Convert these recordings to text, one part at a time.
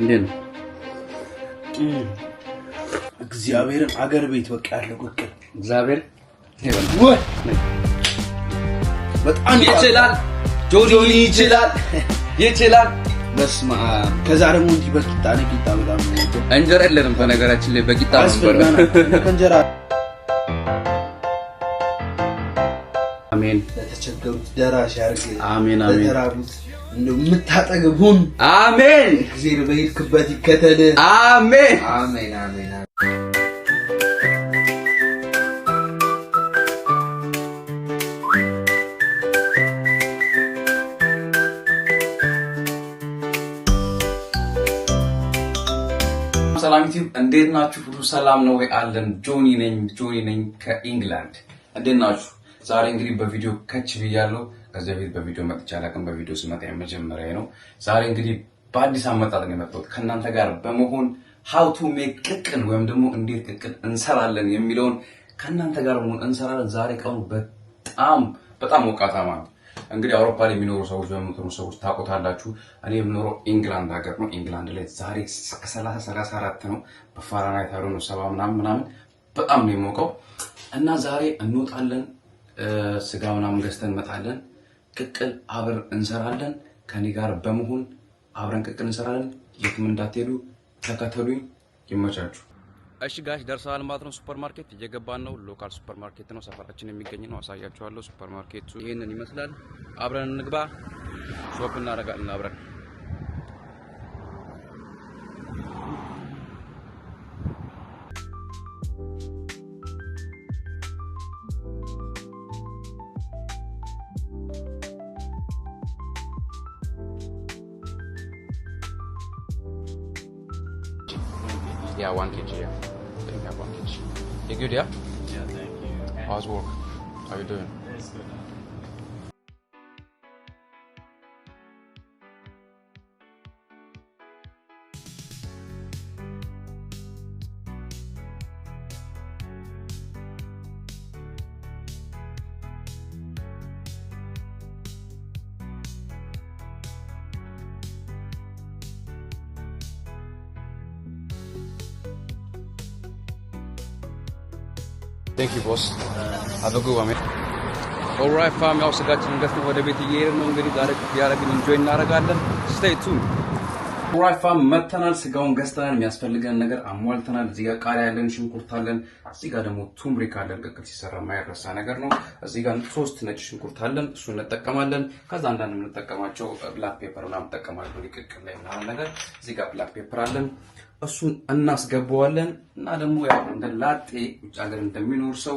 እንዴት ነው? እግዚአብሔርን አገር ቤት በቃ ያለው ቅቅል እግዚአብሔር በጣም ይችላል። ጆኒ ይችላል ይችላል። በስመ አብ። ከዛ ደግሞ እንዲህ በቂጣ ነው። ቂጣ በጣም እንጀራ የለንም በነገራችን ላይ በቂጣ ነበር እንጀራ። አሜን። ለተቸገሩት ደራሽ ያድርግ። አሜን አሜን። እንደው የምታጠግቡን አሜን። እግዚአብሔር በሄድክበት ይከተል። አሜን አሜን አሜን። ሰላም ዩቲዩብ፣ እንዴት ናችሁ? ሁሉ ሰላም ነው ወይ? አለን። ጆኒ ነኝ ጆኒ ነኝ ከኢንግላንድ። እንዴት ናችሁ? ዛሬ እንግዲህ በቪዲዮ ከች ብያለሁ። ከዚህ በፊት በቪዲዮ መጥቼ አላውቅም። በቪዲዮ ስመጣ የመጀመሪያ ነው። ዛሬ እንግዲህ በአዲስ አመጣጥ ነው የመጣሁት ከእናንተ ጋር በመሆን ቱ ሜክ ቅቅን ወይም ደግሞ እንዴት ቅቅን እንሰራለን የሚለውን ከእናንተ ጋር በመሆን እንሰራለን። ዛሬ ቀኑ በጣም በጣም ሞቃታማ ነው። እንግዲህ አውሮፓ ላይ የሚኖሩ ሰዎች በምትኖሩ ሰዎች ታውቁታላችሁ። እኔ የምኖረው ኢንግላንድ ሀገር ነው። ኢንግላንድ ላይ ዛሬ ከሰላሳ ሰላሳ አራት ነው በፋራናይት ያሉ ነው ሰባ ምናምን ምናምን በጣም ነው የሞቀው እና ዛሬ እንወጣለን። ስጋ ምናምን ገዝተን እንመጣለን። ቅቅል አብር እንሰራለን። ከኔ ጋር በመሆን አብረን ቅቅል እንሰራለን። የትም እንዳትሄዱ ተከተሉኝ። ይመቻችሁ። እሺ ጋሽ ደርሰዋል ማለት ነው። ሱፐር ማርኬት እየገባን ነው። ሎካል ሱፐር ማርኬት ነው፣ ሰፈራችን የሚገኝ ነው። አሳያችኋለሁ። ሱፐር ማርኬቱ ይህንን ይመስላል። አብረን እንግባ። ሾፕ እናደርጋለን አብረን Yeah, one kg. Yeah. I think I have one kg. You good, yeah? Yeah, thank you. How's work? How you doing? It's good. ኦራይ ፋም ያው ስጋችን ገፍተን ወደ ቤት እየሄድን ነው። እንግዲህ ዛሬ ያረግን ኢንጆይ እናደርጋለን። ስቴይ ቱን ኦራይ ፋም መተናል። ስጋውን ገዝተናል። የሚያስፈልገን ነገር አሟልተናል። እዚህ ጋር ቃሪያ አለን፣ ሽንኩርት አለን። እዚህ ጋር ደግሞ ቱምሪክ አለን። ቅቅል ሲሰራ የማይረሳ ነገር ነው። እዚህ ጋር ሶስት ነጭ ሽንኩርት አለን። እሱ እንጠቀማለን። ከዛ አንዳንድ የምንጠቀማቸው ብላክ ፔፐር ምናምን እንጠቀማለን። ቅቅል ላይ ምናምን ነገር እዚህ ጋር ብላክ ፔፐር አለን እሱን እናስገባዋለን እና ደግሞ ያው እንደ ላጤ ውጭ ሀገር እንደሚኖር ሰው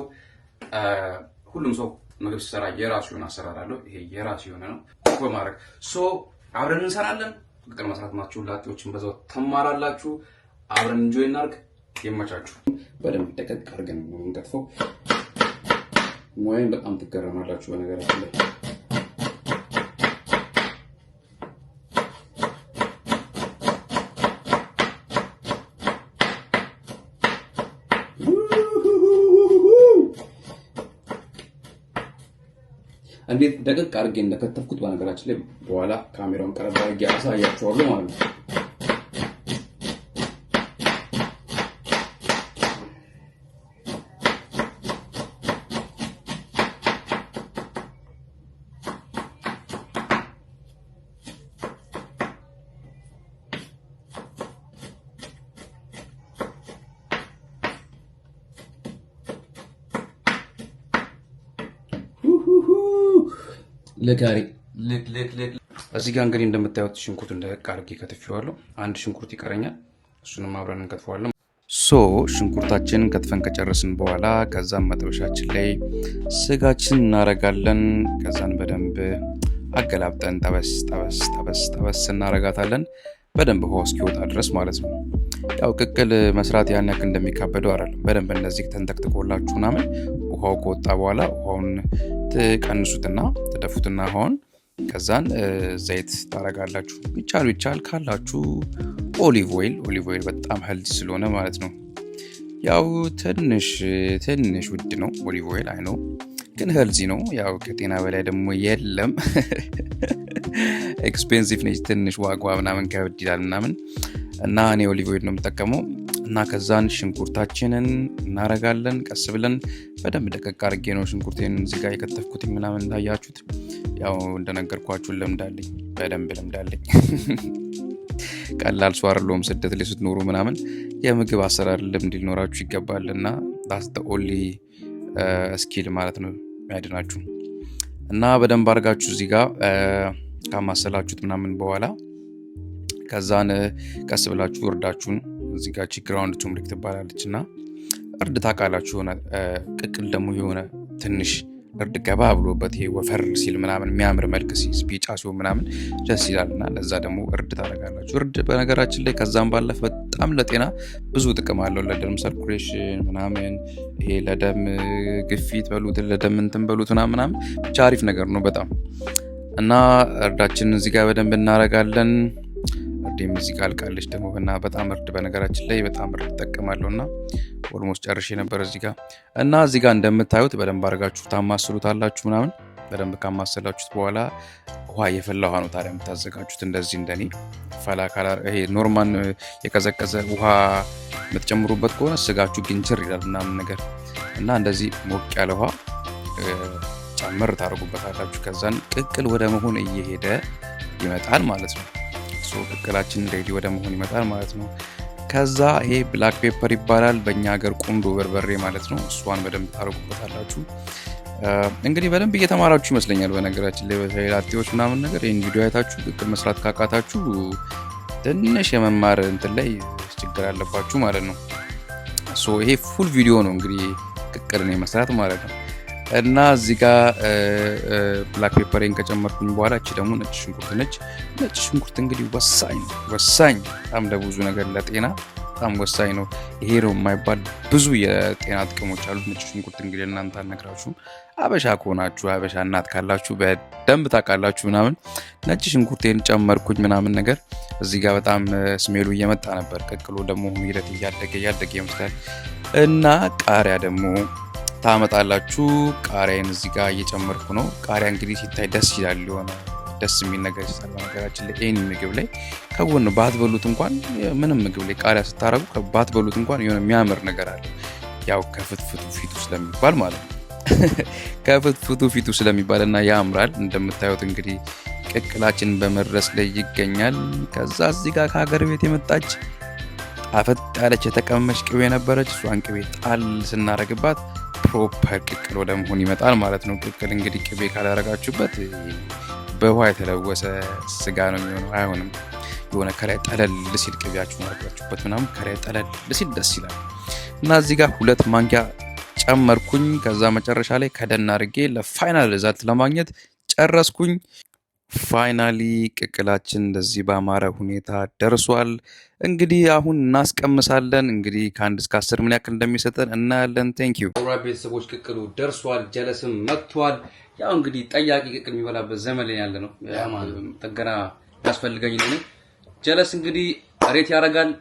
ሁሉም ሰው ምግብ ሲሰራ የራሱ የሆነ አሰራር አለው። ይሄ የራሱ የሆነ ነው በማድረግ ሶ አብረን እንሰራለን። ቅቅል መስራት ማችሁ ላጤዎችን በዛው ተማራላችሁ። አብረን እንጆይ እናርግ። ይመቻችሁ። በደንብ ደቀቅ አድርገን የምንቀጥፈው ወይም በጣም ትገረማላችሁ በነገራችን ላይ እንዴት ደቅቅ አድርጌ እንደከተፍኩት በነገራችን ላይ በኋላ ካሜራውን ቀረብ አድርጌ አሳያችኋለሁ ማለት ነው። ለጋሪ እዚህ ጋር እንግዲህ እንደምታዩት ሽንኩርት እንደለቅ አድርጌ ከትፌዋለሁ። አንድ ሽንኩርት ይቀረኛል። እሱንም አብረን እንከትፈዋለን። ሶ ሽንኩርታችንን ከትፈን ከጨረስን በኋላ ከዛም መጥበሻችን ላይ ስጋችን እናረጋለን። ከዛን በደንብ አገላብጠን ጠበስ ጠበስ ጠበስ ጠበስ እናረጋታለን። በደንብ ውሃ እስኪወጣ ድረስ ማለት ነው። ያው ቅቅል መስራት ያን ያክል እንደሚካበደው አይደለም። በደንብ እነዚህ ተንጠቅጥቆላችሁ ምናምን ውሃው ከወጣ በኋላ ውሃውን ትቀንሱትና ትደፉትና ሆን ከዛን ዘይት ታረጋላችሁ። ቢቻል ይቻል ካላችሁ ኦሊቭ ኦይል ኦሊቭ ኦይል በጣም ሄልዲ ስለሆነ ማለት ነው። ያው ትንሽ ትንሽ ውድ ነው ኦሊቭ ኦይል አይ ነው፣ ግን ህልዚ ነው። ያው ከጤና በላይ ደግሞ የለም። ኤክስፔንሲቭ ነች ትንሽ ዋጓ ምናምን ከብድ ይላል ምናምን እና እኔ ኦሊቭ ኦይል ነው የምጠቀመው። እና ከዛን ሽንኩርታችንን እናረጋለን። ቀስ ብለን በደንብ ደቀቅ አርጌ ነው ሽንኩርቴን እዚህ የከተፍኩት ምናምን እንዳያችሁት፣ ያው እንደነገርኳችሁን ለምዳለኝ፣ በደንብ ለምዳለኝ። ቀላል ሰው ስደት ላይ ስትኖሩ ምናምን የምግብ አሰራር ልምድ ሊኖራችሁ ይገባል እና ዳስተ ኦሊ ስኪል ማለት ነው የሚያድናችሁ እና በደንብ አድርጋችሁ እዚህ ጋር uh, ካማሰላችሁት ምናምን በኋላ ከዛን uh, ቀስ ብላችሁ ወርዳችሁን እዚህ ጋር ግራውንድ ቱምሪክ ትባላለች እና እርድ ታቃላችሁ የሆነ ቅቅል ደግሞ የሆነ ትንሽ እርድ ገባ ብሎበት ይሄ ወፈር ሲል ምናምን የሚያምር መልክ ቢጫ ሲሆን ምናምን ደስ ይላል እና ለዛ ደግሞ እርድ ታደርጋላችሁ። እርድ በነገራችን ላይ ከዛም ባለፈ በጣም ለጤና ብዙ ጥቅም አለው። ለደም ሰርኩሌሽን ምናምን ይሄ ለደም ግፊት በሉት ለደም እንትን በሉት ና ምናምን ብቻ አሪፍ ነገር ነው በጣም እና እርዳችንን እዚጋ በደንብ እናረጋለን እርዴም እዚህ ጋር አልቃለች ደግሞ እና በጣም እርድ በነገራችን ላይ በጣም እርድ እጠቀማለሁ እና ኦልሞስት ጨርሼ ነበር እዚህ ጋር እና እዚህ ጋር እንደምታዩት በደንብ አድርጋችሁ ታማስሉታላችሁ ምናምን በደንብ ካማሰላችሁት በኋላ ውሃ የፈላ ውሃ ነው ታዲያ የምታዘጋጁት። እንደዚህ እንደኔ ፈላ ይሄ ኖርማል የቀዘቀዘ ውሃ የምትጨምሩበት ከሆነ ስጋችሁ ግንችር ይላል ምናምን ነገር እና እንደዚህ ሞቅ ያለ ውሃ ጨምር ታደርጉበታላችሁ። ከዛን ቅቅል ወደ መሆን እየሄደ ይመጣል ማለት ነው። ደርሶ ቅቅላችን ሬዲ ወደ መሆን ይመጣል ማለት ነው። ከዛ ይሄ ብላክ ፔፐር ይባላል በእኛ ሀገር ቁንዶ በርበሬ ማለት ነው። እሷን በደንብ ታደርጉበታላችሁ። እንግዲህ በደንብ እየተማራችሁ ይመስለኛል። በነገራችን ላይ በተለይ ላጤዎች ምናምን ነገር ይህን ቪዲዮ አይታችሁ ቅቅል መስራት ካቃታችሁ ትንሽ የመማር እንትን ላይ ችግር አለባችሁ ማለት ነው። ይሄ ፉል ቪዲዮ ነው እንግዲህ ቅቅልን የመስራት ማለት ነው። እና እዚህ ጋር ብላክ ፔፐሬን ከጨመርኩኝ በኋላ እቺ ደግሞ ነጭ ሽንኩርት ነች። ነጭ ሽንኩርት እንግዲህ ወሳኝ ነው ወሳኝ በጣም ለብዙ ነገር ለጤና በጣም ወሳኝ ነው። ይሄ ነው የማይባል ብዙ የጤና ጥቅሞች አሉት። ነጭ ሽንኩርት እንግዲህ እናንተ አልነግራችሁም። አበሻ ከሆናችሁ አበሻ እናት ካላችሁ በደንብ ታውቃላችሁ ምናምን። ነጭ ሽንኩርቴን ጨመርኩኝ ምናምን ነገር እዚህ ጋር በጣም ስሜሉ እየመጣ ነበር። ቀቅሎ ደግሞ ሂደት እያደገ እያደገ ይመስላል እና ቃሪያ ደግሞ ታመጣላችሁ። ቃሪያን እዚህ ጋር እየጨመርኩ ነው። ቃሪያ እንግዲህ ሲታይ ደስ ይላል፣ የሆነ ደስ የሚል ነገር ይሰጣል። በነገራችን ላይ ኤኒ ምግብ ላይ ከጎን ባትበሉት እንኳን ምንም ምግብ ላይ ቃሪያ ስታረጉ ባትበሉት እንኳን የሆነ የሚያምር ነገር አለ። ያው ከፍትፍቱ ፊቱ ስለሚባል ማለት ነው። ከፍትፍቱ ፊቱ ስለሚባል እና ያምራል። እንደምታዩት እንግዲህ ቅቅላችን በመድረስ ላይ ይገኛል። ከዛ እዚህ ጋር ከሀገር ቤት የመጣች ጣፈጥ ያለች የተቀመመች ቅቤ ነበረች። እሷን ቅቤ ጣል ስናደርግባት ፕሮፐር ቅቅል ወደ መሆን ይመጣል ማለት ነው። ቅቅል እንግዲህ ቅቤ ካላረጋችሁበት በውሃ የተለወሰ ስጋ ነው የሚሆነው፣ አይሆንም። የሆነ ከላይ ጠለል ሲል ቅቤያችሁን ማረጋችሁበት ምናምን ከላይ ጠለል ሲል ደስ ይላል እና እዚህ ጋር ሁለት ማንኪያ ጨመርኩኝ። ከዛ መጨረሻ ላይ ከደን አድርጌ ለፋይናል ሪዛልት ለማግኘት ጨረስኩኝ። ፋይናሊ ቅቅላችን እንደዚህ ባማረ ሁኔታ ደርሷል። እንግዲህ አሁን እናስቀምሳለን። እንግዲህ ከአንድ እስከ አስር ምን ያክል እንደሚሰጠን እናያለን። ቴንክ ዩ ራ ቤተሰቦች፣ ቅቅሉ ደርሷል። ጀለስም መጥቷል። ያው እንግዲህ ጠያቂ ቅቅል የሚበላበት ዘመን ላይ ያለ ነው። ጥገና ያስፈልገኝ ነው። ጀለስ እንግዲህ ሬት ያደርጋል።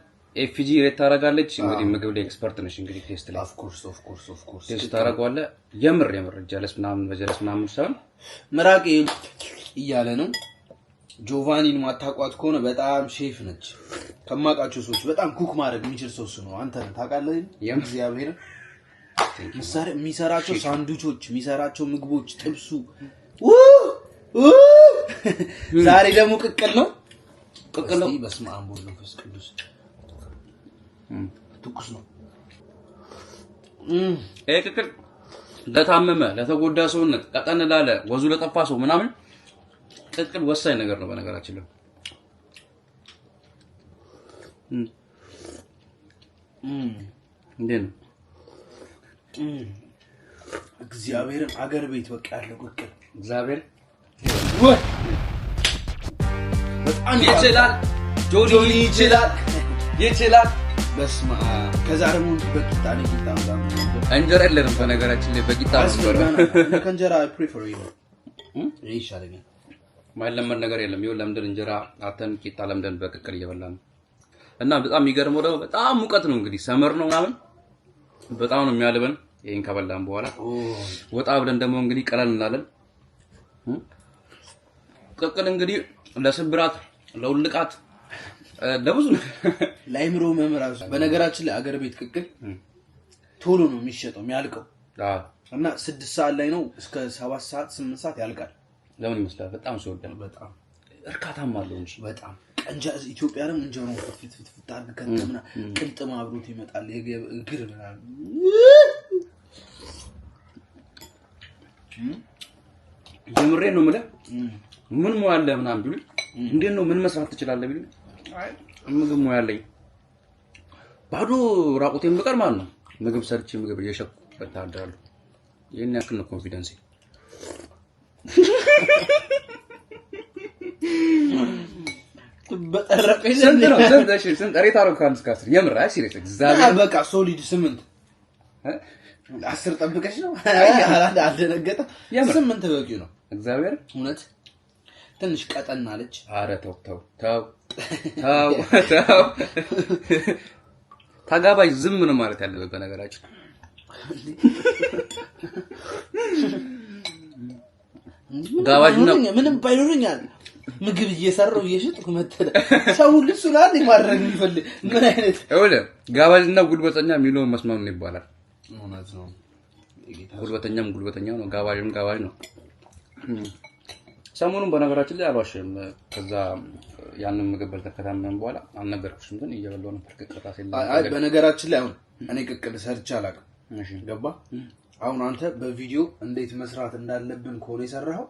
ኤፍጂ ሬት ታደርጋለች። እንግዲህ ምግብ ላይ ኤክስፐርት ነች። እንግዲህ ቴስት ላይ ኦፍኮርስ ኦፍኮርስ ኦፍኮርስ ቴስት ታደርገዋለህ። የምር የምር ጀለስ ምናምን በጀለስ ምናምን ሳይሆን ምራቅ እያለ ነው ጆቫኒን ማታቋት ከሆነ በጣም ሼፍ ነች። ከማውቃቸው ሰዎች በጣም ኩክ ማድረግ የሚችል ሰው ነው። አንተ ነህ ታውቃለህ። እግዚአብሔር የሚሰራቸው ሳንዱቾች፣ የሚሰራቸው ምግቦች፣ ጥብሱ። ዛሬ ደግሞ ቅቅል ነው። ቅቅል ነው። በስመ አብ ወወልድ ወመንፈስ ቅዱስ። ትኩስ ነው ይሄ ቅቅል። ለታመመ ለተጎዳ ሰውነት፣ ቀጠን ላለ ወዙ ለጠፋ ሰው ምናምን ቅቅል ወሳኝ ነገር ነው በነገራችን ላይ እንዴ ነው እግዚአብሔርን አገር ቤት በቃ ያለው ቅቅል እግዚአብሔር በጣም ይችላል፣ ጆኒ ይችላል፣ ይችላል። በስመ አብ። ከዛ ደግሞ በቂጣ ነው ቂጣ እንጀራ የለንም በነገራችን ላይ በቂጣ ነው ከእንጀራ ፕሪፈር ይሄ ይሻለኛል። ማይለመድ ነገር የለም። ይኸው ለምደን እንጀራ አተን ቂጣ ለምደን በቅቅል እየበላ ነው። እና በጣም የሚገርመው ደግሞ በጣም ሙቀት ነው እንግዲህ ሰመር ነው ምናምን በጣም ነው የሚያልበን። ይህን ከበላን በኋላ ወጣ ብለን ደግሞ እንግዲህ ቀለል እንላለን። ቅቅል እንግዲህ ለስብራት፣ ለውልቃት፣ ለብዙ ለአይምሮ መምራሱ በነገራችን ላይ አገር ቤት ቅቅል ቶሎ ነው የሚሸጠው የሚያልቀው እና ስድስት ሰዓት ላይ ነው እስከ ሰባት ሰዓት ስምንት ሰዓት ያልቃል። ለምን ይመስላል? በጣም ሲወደን በጣም እርካታም አለው እንጂ በጣም እንጃ ኢትዮጵያንም እንጀሮ ፍትፍት ፍትፍት አድርገን ቅልጥም አብሮት ይመጣል። እግር ጀምሬ ነው ምለ? ምን ሙያለ አለህ ምናምን ቢሉኝ እንዴት ነው ምን መስራት ትችላለ ቢሉ ምግብ ሙያለኝ ባዶ ራቁቴን ብቀር ማለት ነው ምግብ ሰርቼ ምግብ እየሸኩ በታደራለሁ። ይህን ያክል ነው ኮንፊደንሴ። በቃ ሶሊድ ስምንት አስር ጠብቀሽ ነው አልደነገጠም። ስምንት በቂ ነው። እግዚአብሔር እውነት ትንሽ ቀጠን አለች። ኧረ ተው ተው ተው ተው። ተጋባዥ ዝም ነው ማለት ያለበት በነገራችን ምንም ባይኖረኝ ምግብ እየሰራው እየሸጥኩ መተለ ሰው ልሱ ላን ማድረግ የሚፈልግ ምን አይነት ወለ ጋባጅና ጉልበተኛ የሚለውን መስማም ነው ይባላል። ጉልበተኛም ጉልበተኛ ነው፣ ጋባዥም ጋባዥ ነው። ሰሞኑን በነገራችን ላይ አልዋሽም። ከዛ ያንን ምግብ በልተን በኋላ አልነገርኩሽም፣ ግን እየበላሁ ነበር። ቅቅል በነገራችን ላይ አሁን እኔ ቅቅል ሰርቼ አላውቅም። ገባ አሁን አንተ በቪዲዮ እንዴት መስራት እንዳለብን ከሆነ የሰራኸው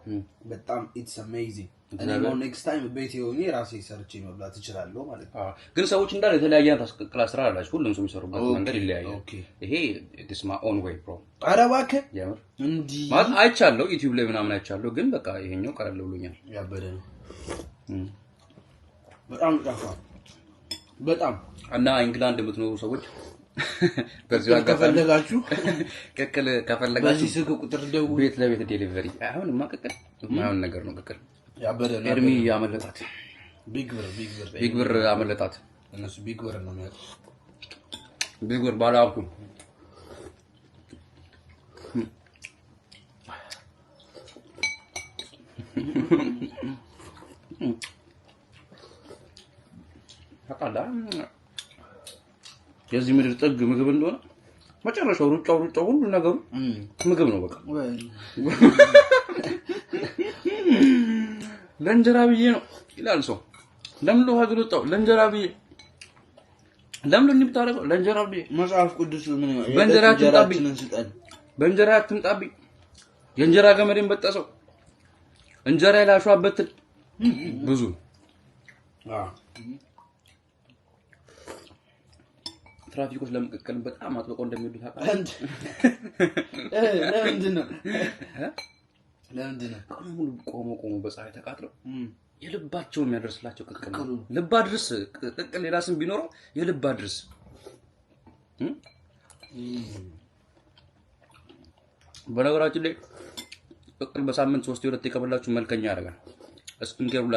በጣም ኢትስ አሜዚንግ። እኔ ኔክስት ታይም ቤት የሆኔ ራሴ ሰርቼ መብላት እችላለሁ ማለት ነው። ግን ሰዎች እንዳለ የተለያየ ክላስ ስራ አላቸው። ሁሉም ሰው የሚሰሩበት መንገድ ይለያያል። ይሄ ኢትስ ማይ ኦን ዌይ ፕሮ ኧረ እባክህ እንዲህ ማለት አይቻለሁ፣ ዩቲዩብ ላይ ምናምን አይቻለሁ። ግን በቃ ይሄኛው ቀለል ብሎኛል። ያበደ ነው በጣም ጣፋ በጣም እና ኢንግላንድ የምትኖሩ ሰዎች በዚሁ ከፈለጋችሁ ቅቅል ከፈለጋችሁ በዚህ ስልክ ቁጥር ደውሉ። ቤት ለቤት ዴሊቨሪ። አሁንማ ቅቅል የማይሆን ነገር ነው። ቅቅል ኤርሚ አመለጣት። ቢግ ብር ቢግ ብር ቢግ ብር አመለጣት። እነሱ ቢግ ብር ነው የሚያውቁት። ቢግ ብር ባለሀብቱ ታውቃለህ የዚህ ምድር ጥግ ምግብ እንደሆነ መጨረሻው ሩጫው ሩጫው ሁሉ ነገሩ ምግብ ነው። በቃ ለእንጀራ ብዬ ነው ይላል ሰው። ለምን ነው ሀገር ወጣው? ለእንጀራ ብዬ ለምን ነው የምታደርገው? ለእንጀራ ብዬ መጽሐፍ ቅዱስ ምን ነው? በእንጀራ አትምጣብኝ፣ በእንጀራ አትምጣብኝ። የእንጀራ ገመዴን በጠሰው እንጀራ የላሸዋበትን ብዙ ትራፊኮች ለመቀቀልም በጣም አጥብቀው እንደሚወዱ ታውቃለህ። ለምንድን ቆሞ ቆሞ በፀሐይ ተቃጥለው የልባቸውን የሚያደርስላቸው ቅቅል ነው። ልብ አድርስ ቅቅል፣ ሌላ ስም ቢኖረው የልብ አድርስ። በነገራችን ላይ ቅቅል በሳምንት ሶስት ሁለት የቀበላችሁ መልከኛ ያደርጋል። እስኪንኬር ሁላ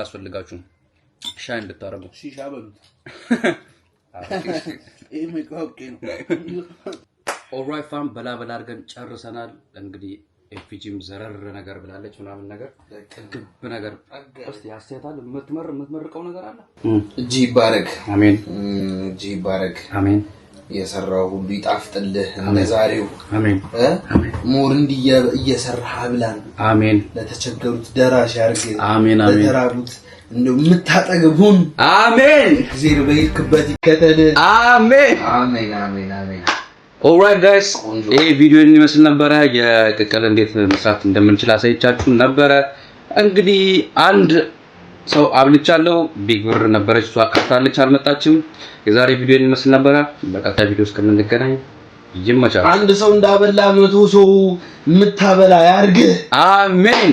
ሻይ እንድታደርጉ ሺሻ በሉት ኦልራይት ፋም በላ በላ አድርገን ጨርሰናል። እንግዲህ ኤፍጂም ዘረር ነገር ብላለች ምናምን ነገር ጥግብ ነገር ስ ያስተያታል። የምትመርቀው ነገር አለ። እጅ ይባረግ አሜን። እጅ ይባረግ አሜን። የሰራው ሁሉ ይጣፍጥልህ እንደ ዛሬው ሙር እንዲህ እየሰራህ አብላን። አሜን። ለተቸገሩት ደራሽ ያድርግህ። አሜን። ለተራቡት እንደው የምታጠግቡን አሜን። እግዚአብሔር በይክበት ይከተል። አሜን። አሜን። አሜን። አሜን። ኦልራይት ጋይስ ይሄ ቪዲዮ የሚመስል ነበረ። የቅቅል እንዴት መስራት እንደምንችል አሳይቻችሁ ነበረ። እንግዲህ አንድ ሰው አብልቻለሁ። ቢግ ብር ነበረች እሷ ቀርታለች፣ አልመጣችም። የዛሬ ቪዲዮ ይመስል ነበረ። በቀጣይ ቪዲዮ እስከምንገናኝ ይመቻል። አንድ ሰው እንዳበላ መቶ ሰው የምታበላ ያርግህ። አሜን።